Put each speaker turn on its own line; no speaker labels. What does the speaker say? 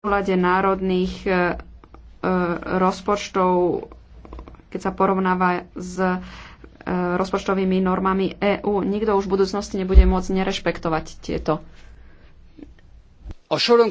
pohľade národných e, e, rozpočtov, keď sa porovnáva s e, rozpočtovými normami EÚ, nikto už v budúcnosti nebude môcť nerešpektovať tieto.
A soron